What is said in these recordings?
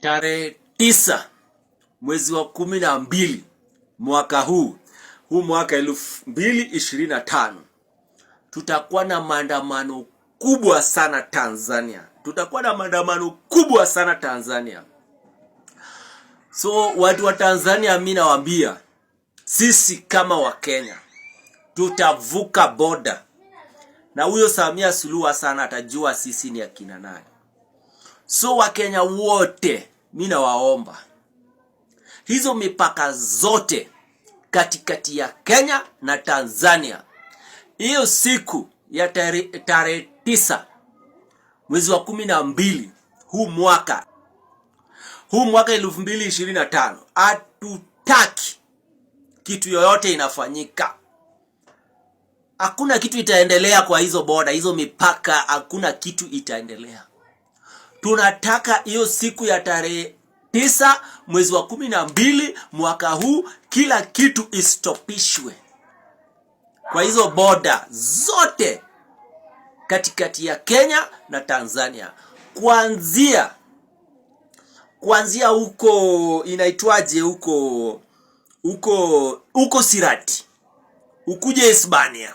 tarehe tisa mwezi wa kumi na mbili mwaka huu huu mwaka elfu mbili ishirini na tano tutakuwa na maandamano kubwa sana Tanzania, tutakuwa na maandamano kubwa sana Tanzania. So watu wa Tanzania, mi nawaambia sisi kama Wakenya tutavuka boda, na huyo Samia Suluhu Hassan atajua sisi ni akina nani. So Wakenya wote mi nawaomba hizo mipaka zote katikati ya Kenya na Tanzania, hiyo siku ya tarehe tisa mwezi wa kumi na mbili huu mwaka huu mwaka elfu mbili ishirini na tano hatutaki kitu yoyote inafanyika. Hakuna kitu itaendelea kwa hizo boda, hizo mipaka, hakuna kitu itaendelea tunataka hiyo siku ya tarehe tisa mwezi wa kumi na mbili mwaka huu kila kitu istopishwe kwa hizo boda zote katikati ya Kenya na Tanzania, kuanzia kuanzia huko inaitwaje, huko huko huko Sirati, ukuje Hispania,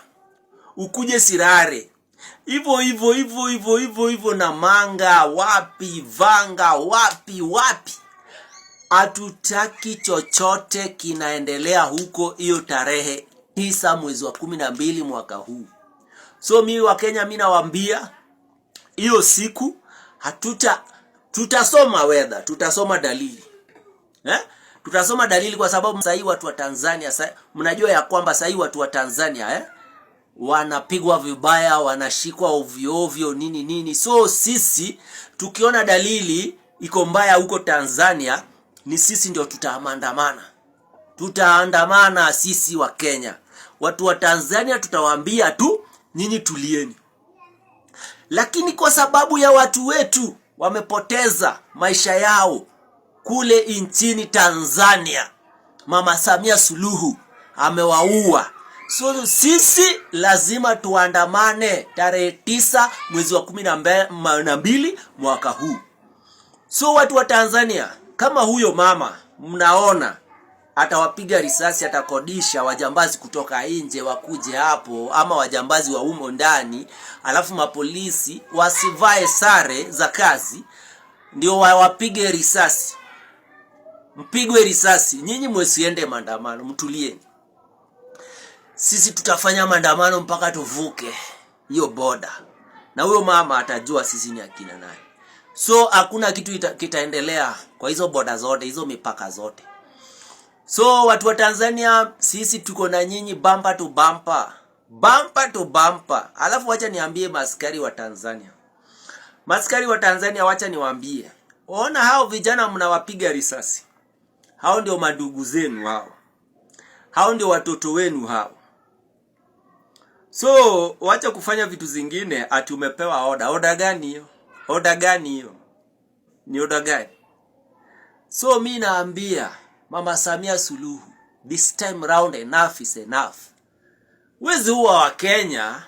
ukuje Sirare hivyo hivyo hivyo hivyo hivyo hivyo, na manga wapi, vanga wapi, wapi. Hatutaki chochote kinaendelea huko hiyo tarehe tisa mwezi wa kumi na mbili mwaka huu. So mimi wa Kenya, mimi nawaambia hiyo siku hatuta tutasoma wedha, tutasoma dalili eh? Tutasoma dalili kwa sababu sahii watu wa Tanzania sahii, mnajua ya kwamba sahii watu wa Tanzania eh? wanapigwa vibaya, wanashikwa ovyo ovyo, nini nini. So sisi tukiona dalili iko mbaya huko Tanzania, ni sisi ndio tutaandamana, tutaandamana sisi wa Kenya. Watu wa Tanzania tutawaambia tu nyinyi tulieni, lakini kwa sababu ya watu wetu wamepoteza maisha yao kule nchini Tanzania, Mama Samia Suluhu amewaua So sisi lazima tuandamane tarehe tisa mwezi wa kumi na mbili mwaka huu. So watu wa Tanzania, kama huyo mama mnaona atawapiga risasi, atakodisha wajambazi kutoka nje wakuje hapo, ama wajambazi wa umo ndani, alafu mapolisi wasivae sare za kazi ndio wawapige risasi, mpigwe risasi. Nyinyi mwesiende maandamano, mtulieni sisi tutafanya maandamano mpaka tuvuke hiyo boda, na huyo mama atajua sisi ni akina nani. So hakuna kitu ita, kitaendelea kwa hizo boda zote hizo mipaka zote. So watu wa Tanzania sisi tuko na nyinyi bamba tu bamba, bamba tu bamba. Alafu wacha niambie maskari wa Tanzania, maskari wa Tanzania, wacha niwaambie, ona hao vijana mnawapiga risasi, hao ndio madugu zenu hao, hao ndio watoto wenu hao So wacha kufanya vitu zingine ati umepewa oda. Oda gani hiyo? Oda gani hiyo? Ni oda gani? So mi naambia Mama Samia Suluhu, this time round enough is enough. Wezi huwa wa Kenya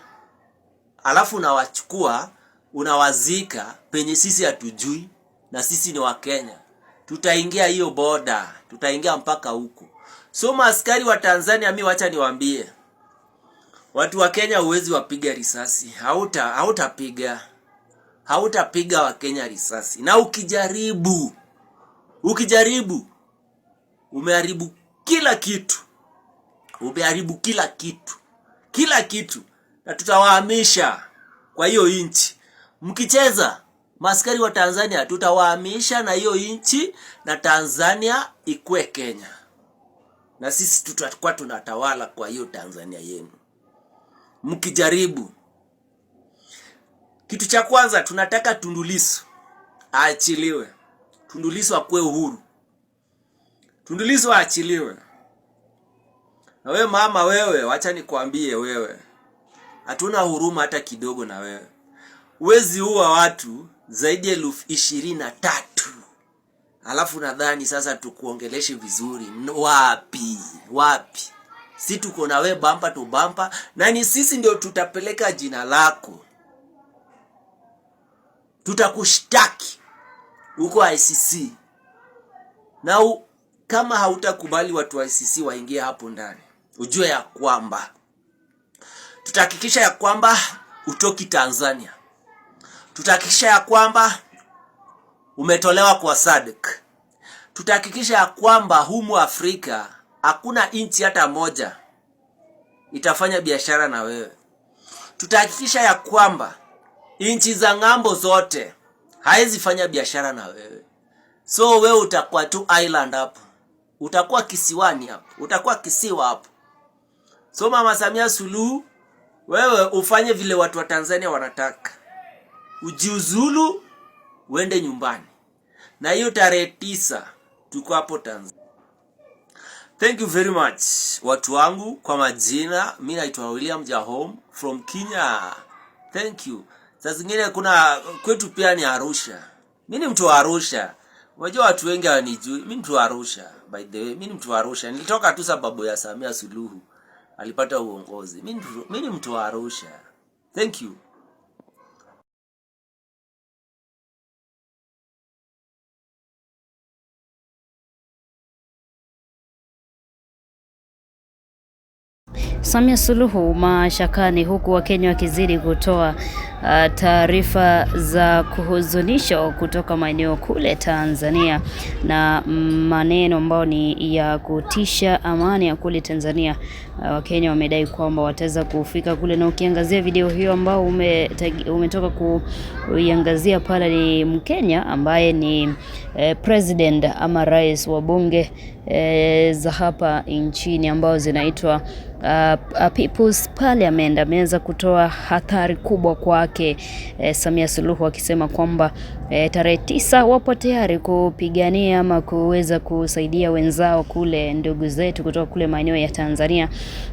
alafu unawachukua unawazika penye sisi hatujui, na sisi ni Wakenya, tutaingia hiyo boda, tutaingia mpaka huko. So maaskari wa Tanzania, mi wacha niwaambie Watu wa Kenya huwezi wapiga risasi, hauta hautapiga hautapiga Wakenya risasi, na ukijaribu ukijaribu, umeharibu kila kitu, umeharibu kila kitu, kila kitu, na tutawahamisha kwa hiyo inchi. Mkicheza maskari wa Tanzania, tutawahamisha na hiyo inchi, na Tanzania ikue Kenya, na sisi tutakuwa tunatawala kwa hiyo Tanzania yenu mkijaribu. Kitu cha kwanza tunataka Tundu Lissu aachiliwe, Tundu Lissu akuwe uhuru, Tundu Lissu aachiliwe. Na wewe mama, wewe wacha nikwambie, wewe hatuna huruma hata kidogo na wewe. Wezi uwa watu zaidi ya elfu ishirini na tatu alafu nadhani sasa tukuongeleshe vizuri. Wapi wapi? si tuko na we bampa tu bampa, na ni sisi ndio tutapeleka jina lako, tutakushtaki huko ICC na u, kama hautakubali watu wa ICC waingie hapo ndani, ujue ya kwamba tutahakikisha ya kwamba utoki Tanzania, tutahakikisha ya kwamba umetolewa kwa SADC, tutahakikisha ya kwamba humu Afrika hakuna nchi hata moja itafanya biashara na wewe. Tutahakikisha ya kwamba nchi za ng'ambo zote haizi fanya biashara na wewe, so wewe utakuwa tu island hapo, utakuwa kisiwani hapo, utakuwa kisiwa hapo. So Mama Samia Suluhu, wewe ufanye vile watu wa Tanzania wanataka, ujiuzulu uende nyumbani, na hiyo tarehe tisa tuko hapo Tanzania. Thank you very much watu wangu kwa majina. Mimi naitwa William Jahom from Kenya. Thank you. Saa zingine kuna kwetu pia ni Arusha. Mimi ni mtu wa Arusha. Unajua watu wengi hawanijui. Mimi mtu wa Arusha. By the way, mimi ni mtu wa Arusha. Nilitoka tu sababu ya Samia Suluhu alipata uongozi. Mimi ni mtu wa Arusha. Thank you. Samia Suluhu mashakani huku Wakenya wakizidi kutoa uh, taarifa za kuhuzunisha kutoka maeneo kule Tanzania na maneno ambayo ni ya kutisha amani ya kule Tanzania. Uh, Wakenya wamedai kwamba wataweza kufika kule, na ukiangazia video hiyo ambao umetoka kuiangazia pale, ni Mkenya ambaye ni eh, president ama rais wa bunge eh, za hapa nchini ambao zinaitwa Uh, uh, People's Parliament ameweza kutoa hatari kubwa kwake eh, Samia Suluhu akisema kwamba e, tarehe tisa wapo tayari kupigania ama kuweza kusaidia wenzao kule, ndugu zetu kutoka kule maeneo ya Tanzania,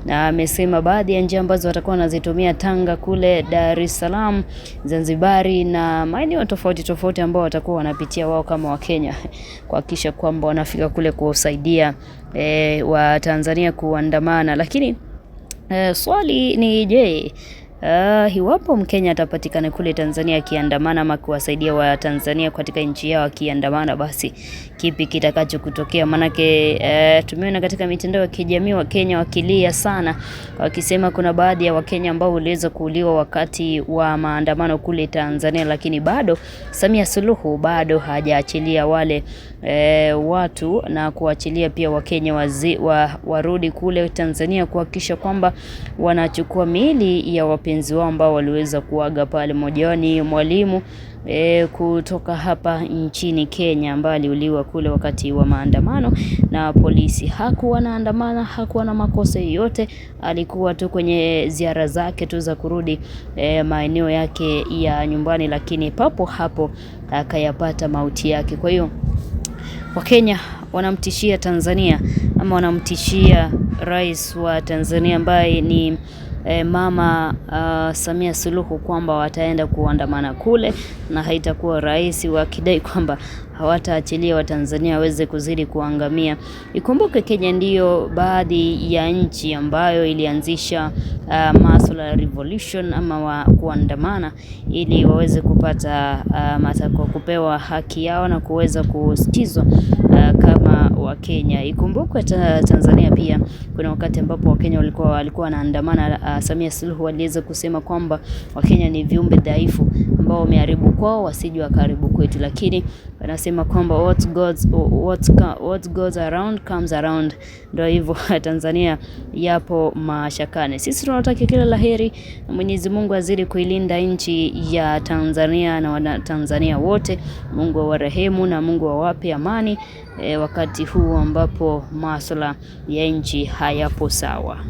na amesema baadhi ya njia ambazo watakuwa wanazitumia Tanga kule, Dar es Salaam, Zanzibari na maeneo tofauti tofauti ambao watakuwa wanapitia wao kama Wakenya kuhakikisha kwamba wanafika kule kuwasaidia e, wa Tanzania kuandamana, lakini e, swali ni je, Uh, iwapo Mkenya atapatikana kule Tanzania akiandamana ama kuwasaidia Watanzania katika nchi yao akiandamana, basi kipi kitakacho kutokea? Maanake uh, tumeona katika mitandao ya kijamii Wakenya wakilia sana, wakisema kuna baadhi ya Wakenya ambao waliweza kuuliwa wakati wa maandamano kule Tanzania, lakini bado Samia Suluhu bado hajaachilia wale uh, watu na kuachilia pia Wakenya wazi, wa, warudi kule Tanzania kuhakikisha kwamba wanachukua miili ya wapenzi wapenzi wao ambao waliweza kuaga pale. Mmoja wao ni mwalimu e, kutoka hapa nchini Kenya ambaye aliuliwa kule wakati wa maandamano na polisi. Hakuwa naandamana hakuwa na makosa yoyote, alikuwa tu kwenye ziara zake tu za kurudi e, maeneo yake ya nyumbani, lakini papo hapo akayapata mauti yake. Kwa hiyo Wakenya wanamtishia Tanzania ama wanamtishia rais wa Tanzania ambaye ni e, Mama uh, Samia Suluhu kwamba wataenda kuandamana kule na haitakuwa rahisi, wakidai kwamba hawataachilia Watanzania waweze kuzidi kuangamia. Ikumbuke Kenya ndiyo baadhi ya nchi ambayo ilianzisha uh, ah, masuala ya revolution ama wa kuandamana ili waweze kupata uh, matakwa, kupewa haki yao na kuweza kusikizwa uh, Kenya. Ikumbukwe Tanzania pia kuna wakati ambapo Wakenya walikuwa walikuwa wanaandamana uh, Samia Suluhu aliweza kusema kwamba Wakenya ni viumbe dhaifu ambao wameharibu kwao wasije wakaharibu kwetu, lakini wanasema kwamba what goes, what, what goes around comes around. Ndio hivyo Tanzania yapo mashakani. Sisi tunawatakia kila laheri, Mwenyezi Mungu azidi kuilinda nchi ya Tanzania na Wanatanzania wote. Mungu awarehemu na Mungu awape amani e, wakati huu ambapo masuala ya nchi hayapo sawa.